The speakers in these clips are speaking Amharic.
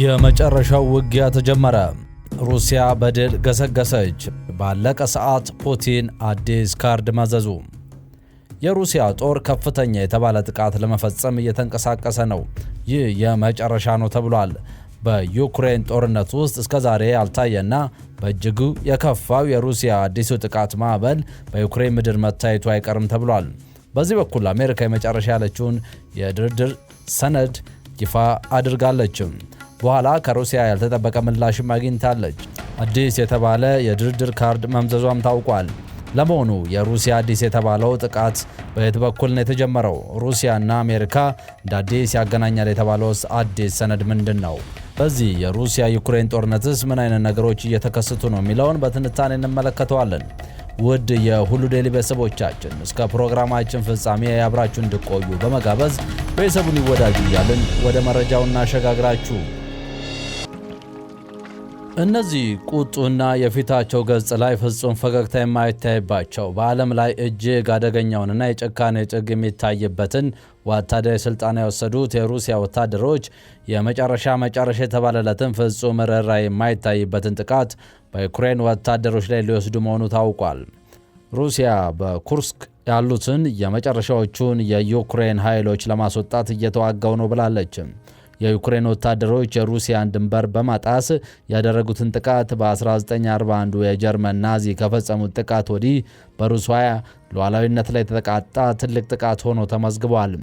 የመጨረሻው ውጊያ ተጀመረ። ሩሲያ በድል ገሰገሰች። ባለቀ ሰዓት ፑቲን አዲስ ካርድ መዘዙ። የሩሲያ ጦር ከፍተኛ የተባለ ጥቃት ለመፈጸም እየተንቀሳቀሰ ነው። ይህ የመጨረሻ ነው ተብሏል። በዩክሬን ጦርነት ውስጥ እስከዛሬ ያልታየና በእጅጉ የከፋው የሩሲያ አዲሱ ጥቃት ማዕበል በዩክሬን ምድር መታየቱ አይቀርም ተብሏል። በዚህ በኩል አሜሪካ የመጨረሻ ያለችውን የድርድር ሰነድ ይፋ አድርጋለችም። በኋላ ከሩሲያ ያልተጠበቀ ምላሽም አግኝታለች። አዲስ የተባለ የድርድር ካርድ መምዘዟም ታውቋል። ለመሆኑ የሩሲያ አዲስ የተባለው ጥቃት በየት በኩል ነው የተጀመረው? ሩሲያና አሜሪካ እንደ አዲስ ያገናኛል የተባለውስ አዲስ ሰነድ ምንድን ነው? በዚህ የሩሲያ ዩክሬን ጦርነትስ ምን አይነት ነገሮች እየተከሰቱ ነው የሚለውን በትንታኔ እንመለከተዋለን። ውድ የሁሉ ዴይሊ ቤተሰቦቻችን እስከ ፕሮግራማችን ፍጻሜ ያብራችሁ እንድቆዩ በመጋበዝ ቤተሰቡን ይወዳጁ እያልን ወደ መረጃው እናሸጋግራችሁ። እነዚህ ቁጡና የፊታቸው ገጽ ላይ ፍጹም ፈገግታ የማይታይባቸው በዓለም ላይ እጅግ አደገኛውንና የጭካኔ ጥግ የሚታይበትን ወታደራዊ ስልጣን የወሰዱት የሩሲያ ወታደሮች የመጨረሻ መጨረሻ የተባለለትን ፍጹም ርኅራ የማይታይበትን ጥቃት በዩክሬን ወታደሮች ላይ ሊወስዱ መሆኑ ታውቋል። ሩሲያ በኩርስክ ያሉትን የመጨረሻዎቹን የዩክሬን ኃይሎች ለማስወጣት እየተዋጋው ነው ብላለችም። የዩክሬን ወታደሮች የሩሲያን ድንበር በማጣስ ያደረጉትን ጥቃት በ1941 የጀርመን ናዚ ከፈጸሙት ጥቃት ወዲህ በሩሲያ ሉዓላዊነት ላይ የተቃጣ ትልቅ ጥቃት ሆኖ ተመዝግቧል።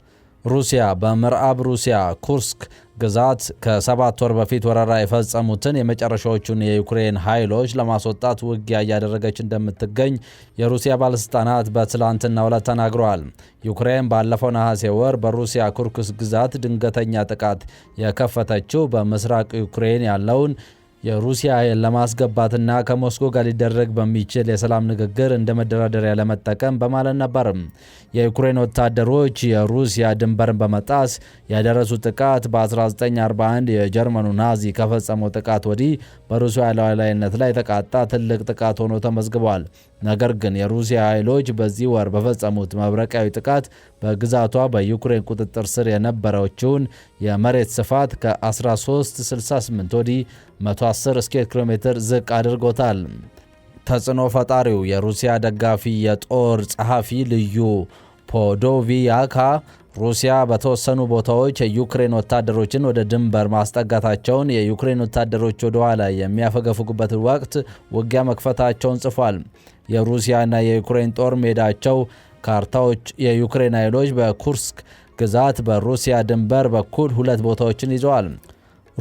ሩሲያ በምዕራብ ሩሲያ ኩርስክ ግዛት ከሰባት ወር በፊት ወረራ የፈጸሙትን የመጨረሻዎቹን የዩክሬን ኃይሎች ለማስወጣት ውጊያ እያደረገች እንደምትገኝ የሩሲያ ባለሥልጣናት በትላንትናው ዕለት ተናግረዋል። ዩክሬን ባለፈው ነሐሴ ወር በሩሲያ ኩርክስ ግዛት ድንገተኛ ጥቃት የከፈተችው በምስራቅ ዩክሬን ያለውን የሩሲያ ለማስገባትና ከሞስኮ ጋር ሊደረግ በሚችል የሰላም ንግግር እንደ መደራደሪያ ለመጠቀም በማለት ነበርም። የዩክሬን ወታደሮች የሩሲያ ድንበርን በመጣስ ያደረሱ ጥቃት በ1941 የጀርመኑ ናዚ ከፈጸመው ጥቃት ወዲህ በሩሲያ ሉዓላዊነት ላይ የተቃጣ ትልቅ ጥቃት ሆኖ ተመዝግቧል። ነገር ግን የሩሲያ ኃይሎች በዚህ ወር በፈጸሙት መብረቃዊ ጥቃት በግዛቷ በዩክሬን ቁጥጥር ስር የነበረችውን የመሬት ስፋት ከ1368 ወዲህ 110 ስኬር ኪሎ ሜትር ዝቅ አድርጎታል። ተጽዕኖ ፈጣሪው የሩሲያ ደጋፊ የጦር ጸሐፊ ልዩ ፖዶቪያካ ሩሲያ በተወሰኑ ቦታዎች የዩክሬን ወታደሮችን ወደ ድንበር ማስጠጋታቸውን የዩክሬን ወታደሮች ወደ ኋላ የሚያፈገፍጉበት ወቅት ውጊያ መክፈታቸውን ጽፏል። የሩሲያና የዩክሬን ጦር ሜዳቸው ካርታዎች የዩክሬን ኃይሎች በኩርስክ ግዛት በሩሲያ ድንበር በኩል ሁለት ቦታዎችን ይዘዋል።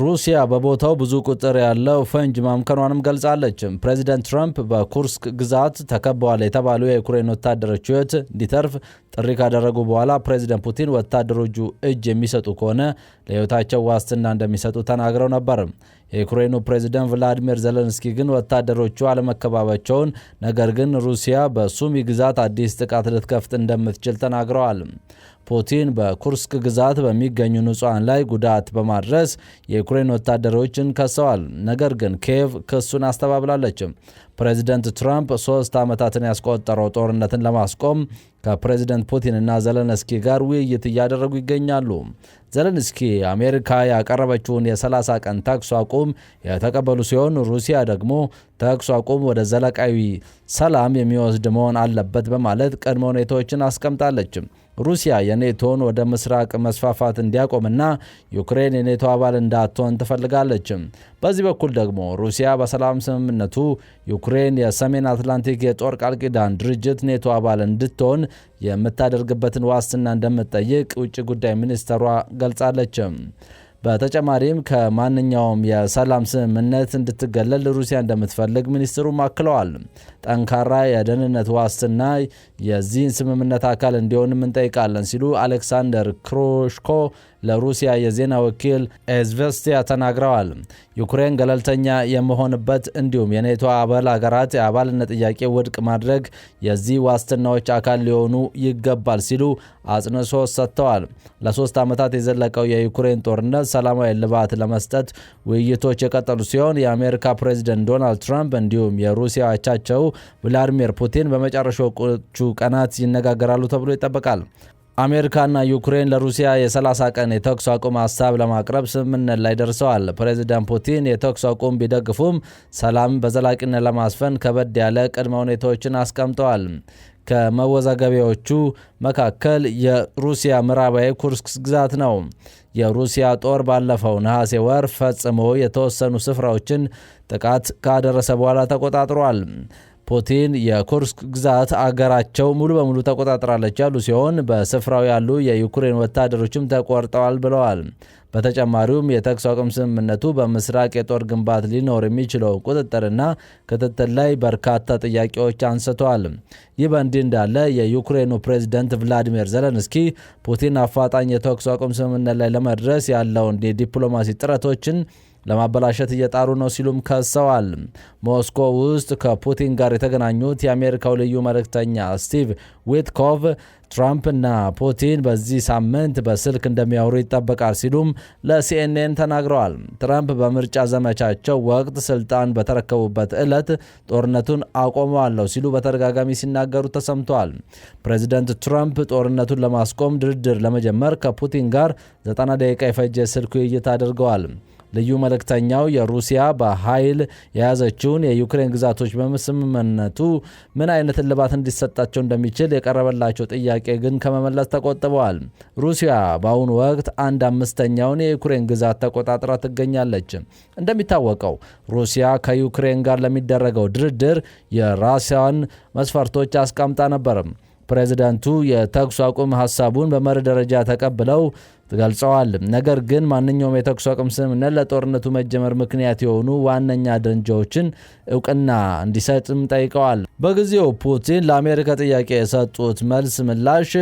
ሩሲያ በቦታው ብዙ ቁጥር ያለው ፈንጅ ማምከኗንም ገልጻለች። ፕሬዚደንት ትራምፕ በኩርስክ ግዛት ተከበዋል የተባሉ የዩክሬን ወታደሮች ሕይወት እንዲተርፍ ጥሪ ካደረጉ በኋላ ፕሬዚደንት ፑቲን ወታደሮቹ እጅ የሚሰጡ ከሆነ ለሕይወታቸው ዋስትና እንደሚሰጡ ተናግረው ነበር። የዩክሬኑ ፕሬዚደንት ቭላዲሚር ዘለንስኪ ግን ወታደሮቹ አለመከባባቸውን፣ ነገር ግን ሩሲያ በሱሚ ግዛት አዲስ ጥቃት ልትከፍት እንደምትችል ተናግረዋል። ፑቲን በኩርስክ ግዛት በሚገኙ ንጹሐን ላይ ጉዳት በማድረስ የዩክሬን ወታደሮችን ከሰዋል። ነገር ግን ኪየቭ ክሱን አስተባብላለች። ፕሬዚደንት ትራምፕ ሶስት ዓመታትን ያስቆጠረው ጦርነትን ለማስቆም ከፕሬዚደንት እና ዘለንስኪ ጋር ውይይት እያደረጉ ይገኛሉ። ዘለንስኪ አሜሪካ ያቀረበችውን የ30 ቀን ተኩስ አቁም የተቀበሉ ሲሆን ሩሲያ ደግሞ ተኩስ አቁም ወደ ዘለቃዊ ሰላም የሚወስድ መሆን አለበት በማለት ቅድመ ሁኔታዎችን አስቀምጣለች። ሩሲያ የኔቶን ወደ ምስራቅ መስፋፋት እንዲያቆምና ዩክሬን የኔቶ አባል እንዳትሆን ትፈልጋለች። በዚህ በኩል ደግሞ ሩሲያ በሰላም ስምምነቱ ዩክሬን የሰሜን አትላንቲክ የጦር ቃል ኪዳን ድርጅት ኔቶ አባል እንድትሆን የምታደርግበትን ዋስትና እንደምትጠይቅ ውጭ ጉዳይ ሚኒስተሯ ገልጻለች። በተጨማሪም ከማንኛውም የሰላም ስምምነት እንድትገለል ሩሲያ እንደምትፈልግ ሚኒስትሩም አክለዋል። ጠንካራ የደህንነት ዋስትና የዚህን ስምምነት አካል እንዲሆንም እንጠይቃለን ሲሉ አሌክሳንደር ክሮሽኮ ለሩሲያ የዜና ወኪል ኤዝቨስቲያ ተናግረዋል። ዩክሬን ገለልተኛ የመሆንበት እንዲሁም የኔቶ አባል ሀገራት የአባልነት ጥያቄ ውድቅ ማድረግ የዚህ ዋስትናዎች አካል ሊሆኑ ይገባል ሲሉ አጽንዖት ሰጥተዋል። ለሶስት ዓመታት የዘለቀው የዩክሬን ጦርነት ሰላማዊ ልባት ለመስጠት ውይይቶች የቀጠሉ ሲሆን የአሜሪካ ፕሬዚደንት ዶናልድ ትራምፕ እንዲሁም የሩሲያ አቻቸው ቭላዲሚር ፑቲን በመጨረሻዎቹ ቀናት ይነጋገራሉ ተብሎ ይጠበቃል። አሜሪካና ዩክሬን ለሩሲያ የ30 ቀን የተኩስ አቁም ሀሳብ ለማቅረብ ስምምነት ላይ ደርሰዋል። ፕሬዚዳንት ፑቲን የተኩስ አቁም ቢደግፉም ሰላም በዘላቂነት ለማስፈን ከበድ ያለ ቅድመ ሁኔታዎችን አስቀምጠዋል። ከመወዛገቢያዎቹ መካከል የሩሲያ ምዕራባዊ ኩርስክ ግዛት ነው። የሩሲያ ጦር ባለፈው ነሐሴ ወር ፈጽሞ የተወሰኑ ስፍራዎችን ጥቃት ካደረሰ በኋላ ተቆጣጥሯል። ፑቲን የኩርስክ ግዛት አገራቸው ሙሉ በሙሉ ተቆጣጥራለች ያሉ ሲሆን በስፍራው ያሉ የዩክሬን ወታደሮችም ተቆርጠዋል ብለዋል። በተጨማሪውም የተኩስ አቁም ስምምነቱ በምስራቅ የጦር ግንባት ሊኖር የሚችለው ቁጥጥርና ክትትል ላይ በርካታ ጥያቄዎች አንስተዋል። ይህ በእንዲህ እንዳለ የዩክሬኑ ፕሬዝደንት ቭላዲሚር ዘለንስኪ ፑቲን አፋጣኝ የተኩስ አቁም ስምምነት ላይ ለመድረስ ያለውን የዲፕሎማሲ ጥረቶችን ለማበላሸት እየጣሩ ነው ሲሉም ከሰዋል። ሞስኮ ውስጥ ከፑቲን ጋር የተገናኙት የአሜሪካው ልዩ መልእክተኛ ስቲቭ ዊትኮቭ እና ፑቲን በዚህ ሳምንት በስልክ እንደሚያወሩ ይጠበቃል ሲሉም ለሲኤንኤን ተናግረዋል። ትራምፕ በምርጫ ዘመቻቸው ወቅት ስልጣን በተረከቡበት ዕለት ጦርነቱን አቆመዋለሁ ሲሉ በተደጋጋሚ ሲናገሩ ተሰምተዋል። ፕሬዚደንት ትራምፕ ጦርነቱን ለማስቆም ድርድር ለመጀመር ከፑቲን ጋር 90 ደቂቃ የፈጀ ስልክ ውይይት አድርገዋል። ልዩ መልእክተኛው የሩሲያ በኃይል የያዘችውን የዩክሬን ግዛቶች በስምምነቱ ምን አይነት እልባት እንዲሰጣቸው እንደሚችል የቀረበላቸው ጥያቄ ግን ከመመለስ ተቆጥበዋል። ሩሲያ በአሁኑ ወቅት አንድ አምስተኛውን የዩክሬን ግዛት ተቆጣጥራ ትገኛለች። እንደሚታወቀው ሩሲያ ከዩክሬን ጋር ለሚደረገው ድርድር የራሲያን መስፈርቶች አስቀምጣ ነበርም። ፕሬዝዳንቱ የተኩስ አቁም ሀሳቡን በመርህ ደረጃ ተቀብለው ገልጸዋል። ነገር ግን ማንኛውም የተኩስ አቁም ስምምነት ለጦርነቱ መጀመር ምክንያት የሆኑ ዋነኛ ደረጃዎችን እውቅና እንዲሰጥም ጠይቀዋል። በጊዜው ፑቲን ለአሜሪካ ጥያቄ የሰጡት መልስ ምላሽ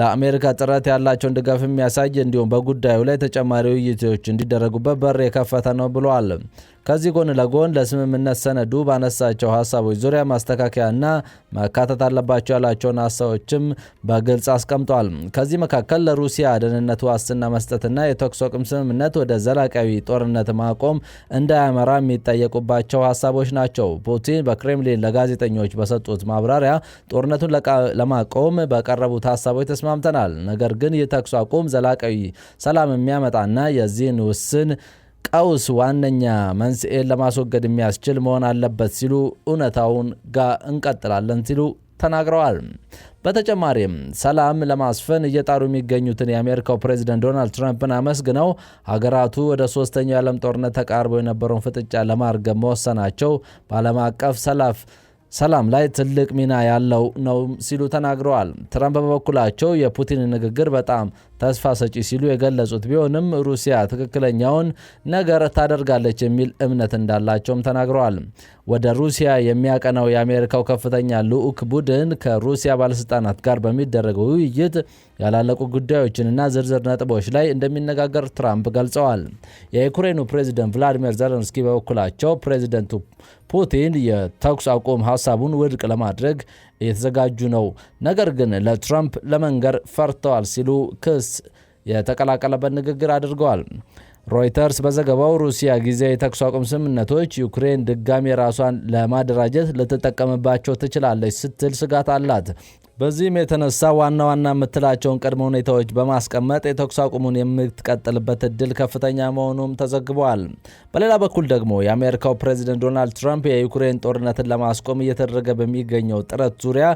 ለአሜሪካ ጥረት ያላቸውን ድጋፍ የሚያሳይ እንዲሁም በጉዳዩ ላይ ተጨማሪ ውይይቶች እንዲደረጉበት በር የከፈተ ነው ብለዋል። ከዚህ ጎን ለጎን ለስምምነት ሰነዱ ባነሳቸው ሀሳቦች ዙሪያ ማስተካከያና መካተት አለባቸው ያላቸውን ሀሳቦችም በግልጽ አስቀምጧል። ከዚህ መካከል ለሩሲያ ደህንነት ዋስትና መስጠትና የተኩስ አቁም ስምምነት ወደ ዘላቃዊ ጦርነት ማቆም እንዳያመራ የሚጠየቁባቸው ሀሳቦች ናቸው። ፑቲን በክሬምሊን ለጋዜጠኞች በሰጡት ማብራሪያ ጦርነቱን ለማቆም በቀረቡት ሀሳቦች ተስማምተናል፣ ነገር ግን ይህ አቁም ዘላቃዊ ሰላም የሚያመጣና የዚህን ውስን ቀውስ ዋነኛ መንስኤን ለማስወገድ የሚያስችል መሆን አለበት ሲሉ እውነታውን ጋር እንቀጥላለን ሲሉ ተናግረዋል። በተጨማሪም ሰላም ለማስፈን እየጣሩ የሚገኙትን የአሜሪካው ፕሬዚደንት ዶናልድ ትራምፕን አመስግነው ሀገራቱ ወደ ሶስተኛው የዓለም ጦርነት ተቃርበው የነበረውን ፍጥጫ ለማርገብ መወሰናቸው በዓለም አቀፍ ሰላፍ ሰላም ላይ ትልቅ ሚና ያለው ነው ሲሉ ተናግረዋል። ትራምፕ በበኩላቸው የፑቲን ንግግር በጣም ተስፋ ሰጪ ሲሉ የገለጹት ቢሆንም ሩሲያ ትክክለኛውን ነገር ታደርጋለች የሚል እምነት እንዳላቸውም ተናግረዋል። ወደ ሩሲያ የሚያቀናው የአሜሪካው ከፍተኛ ልዑክ ቡድን ከሩሲያ ባለስልጣናት ጋር በሚደረገው ውይይት ያላለቁ ጉዳዮችንና ዝርዝር ነጥቦች ላይ እንደሚነጋገር ትራምፕ ገልጸዋል። የዩክሬኑ ፕሬዚደንት ቭላዲሚር ዘለንስኪ በበኩላቸው ፕሬዚደንቱ ፑቲን የተኩስ አቁም ሀሳቡን ውድቅ ለማድረግ እየተዘጋጁ ነው፣ ነገር ግን ለትራምፕ ለመንገር ፈርተዋል ሲሉ ክስ የተቀላቀለበት ንግግር አድርገዋል። ሮይተርስ በዘገባው ሩሲያ ጊዜ የተኩስ አቁም ስምምነቶች ዩክሬን ድጋሚ ራሷን ለማደራጀት ልትጠቀምባቸው ትችላለች ስትል ስጋት አላት። በዚህም የተነሳ ዋና ዋና የምትላቸውን ቅድመ ሁኔታዎች በማስቀመጥ የተኩስ አቁሙን የምትቀጥልበት እድል ከፍተኛ መሆኑም ተዘግቧል። በሌላ በኩል ደግሞ የአሜሪካው ፕሬዚደንት ዶናልድ ትራምፕ የዩክሬን ጦርነትን ለማስቆም እየተደረገ በሚገኘው ጥረት ዙሪያ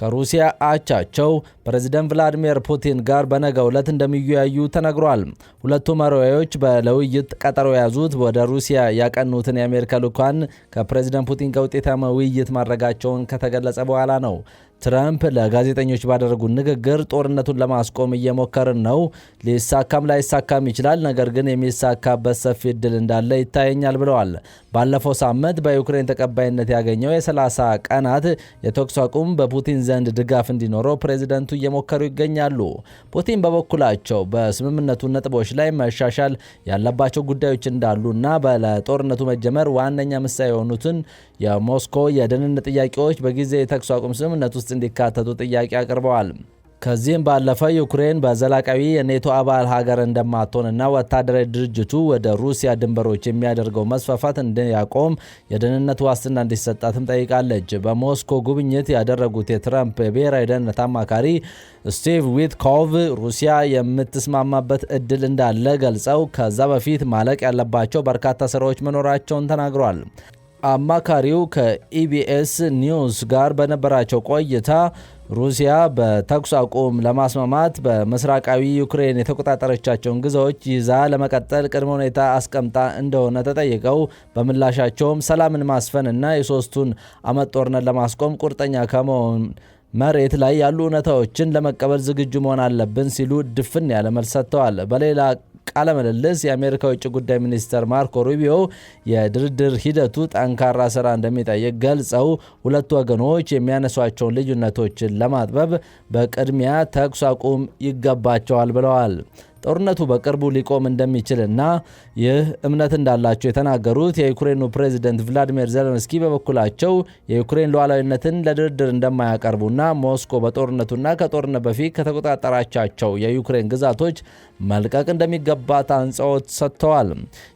ከሩሲያ አቻቸው ፕሬዚደንት ቭላዲሚር ፑቲን ጋር በነገ ዕለት እንደሚወያዩ ተነግሯል። ሁለቱ መሪዎች ለውይይት ቀጠሮ የያዙት ወደ ሩሲያ ያቀኑትን የአሜሪካ ልዑካን ከፕሬዚደንት ፑቲን ጋር ውጤታማ ውይይት ማድረጋቸውን ከተገለጸ በኋላ ነው። ትራምፕ ለጋዜጠኞች ባደረጉት ንግግር ጦርነቱን ለማስቆም እየሞከርን ነው፣ ሊሳካም ላይሳካም ይችላል፣ ነገር ግን የሚሳካበት ሰፊ እድል እንዳለ ይታየኛል ብለዋል። ባለፈው ሳምንት በዩክሬን ተቀባይነት ያገኘው የ30 ቀናት የተኩስ አቁም በፑቲን ዘንድ ድጋፍ እንዲኖረው ፕሬዚደንቱ እየሞከሩ ይገኛሉ። ፑቲን በበኩላቸው በስምምነቱ ነጥቦች ላይ መሻሻል ያለባቸው ጉዳዮች እንዳሉ እና ለጦርነቱ መጀመር ዋነኛ ምሳሌ የሆኑትን የሞስኮ የደህንነት ጥያቄዎች በጊዜ የተኩስ አቁም ስምምነት ውስጥ እንዲካተቱ ጥያቄ አቅርበዋል። ከዚህም ባለፈ ዩክሬን በዘላቃዊ የኔቶ አባል ሀገር እንደማትሆንና ወታደራዊ ድርጅቱ ወደ ሩሲያ ድንበሮች የሚያደርገው መስፋፋት እንዲያቆም የደህንነት ዋስትና እንዲሰጣትም ጠይቃለች። በሞስኮ ጉብኝት ያደረጉት የትራምፕ የብሔራዊ ደህንነት አማካሪ ስቲቭ ዊትኮቭ ሩሲያ የምትስማማበት እድል እንዳለ ገልጸው ከዛ በፊት ማለቅ ያለባቸው በርካታ ስራዎች መኖራቸውን ተናግሯል። አማካሪው ከኢቢኤስ ኒውስ ጋር በነበራቸው ቆይታ ሩሲያ በተኩስ አቁም ለማስማማት በምስራቃዊ ዩክሬን የተቆጣጠረቻቸውን ግዛዎች ይዛ ለመቀጠል ቅድመ ሁኔታ አስቀምጣ እንደሆነ ተጠይቀው በምላሻቸውም ሰላምን ማስፈን እና የሶስቱን አመት ጦርነት ለማስቆም ቁርጠኛ ከመሆን መሬት ላይ ያሉ እውነታዎችን ለመቀበል ዝግጁ መሆን አለብን ሲሉ ድፍን ያለ መልስ ሰጥተዋል። በሌላ ቃለ ምልልስ የአሜሪካ ውጭ ጉዳይ ሚኒስትር ማርኮ ሩቢዮ የድርድር ሂደቱ ጠንካራ ስራ እንደሚጠይቅ ገልጸው ሁለቱ ወገኖች የሚያነሷቸውን ልዩነቶችን ለማጥበብ በቅድሚያ ተኩስ አቁም ይገባቸዋል ብለዋል። ጦርነቱ በቅርቡ ሊቆም እንደሚችልና ይህ እምነት እንዳላቸው የተናገሩት የዩክሬኑ ፕሬዚደንት ቭላዲሚር ዘለንስኪ በበኩላቸው የዩክሬን ሉዓላዊነትን ለድርድር እንደማያቀርቡና ሞስኮ በጦርነቱና ከጦርነት በፊት ከተቆጣጠራቻቸው የዩክሬን ግዛቶች መልቀቅ እንደሚገባት አጽንዖት ሰጥተዋል።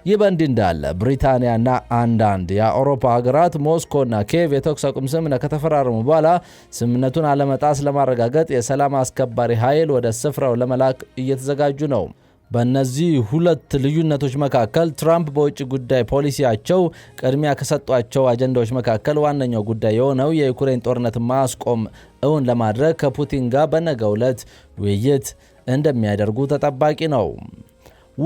ይህ በእንዲህ እንዳለ ብሪታንያና አንዳንድ የአውሮፓ ሀገራት ሞስኮና ኬቭ የተኩስ አቁም ስምምነት ከተፈራረሙ በኋላ ስምምነቱን አለመጣስ ለማረጋገጥ የሰላም አስከባሪ ኃይል ወደ ስፍራው ለመላክ እየተዘጋጁ ነው። ነው። በእነዚህ ሁለት ልዩነቶች መካከል ትራምፕ በውጭ ጉዳይ ፖሊሲያቸው ቅድሚያ ከሰጧቸው አጀንዳዎች መካከል ዋነኛው ጉዳይ የሆነው የዩክሬን ጦርነት ማስቆም እውን ለማድረግ ከፑቲን ጋር በነገው ዕለት ውይይት እንደሚያደርጉ ተጠባቂ ነው።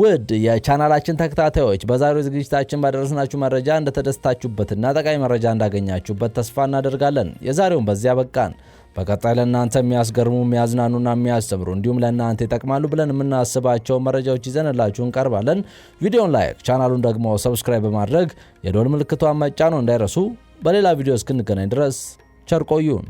ውድ የቻናላችን ተከታታዮች በዛሬው ዝግጅታችን ባደረስናችሁ መረጃ እንደተደስታችሁበትና ጠቃሚ መረጃ እንዳገኛችሁበት ተስፋ እናደርጋለን። የዛሬውን በዚያ በቃን። በቀጣይ ለእናንተ የሚያስገርሙ የሚያዝናኑና የሚያስተምሩ እንዲሁም ለእናንተ ይጠቅማሉ ብለን የምናስባቸው መረጃዎች ይዘንላችሁ እንቀርባለን። ቪዲዮን ላይክ፣ ቻናሉን ደግሞ ሰብስክራይብ በማድረግ የዶል ምልክቷን ነው እንዳይረሱ። በሌላ ቪዲዮ እስክንገናኝ ድረስ ቸርቆዩን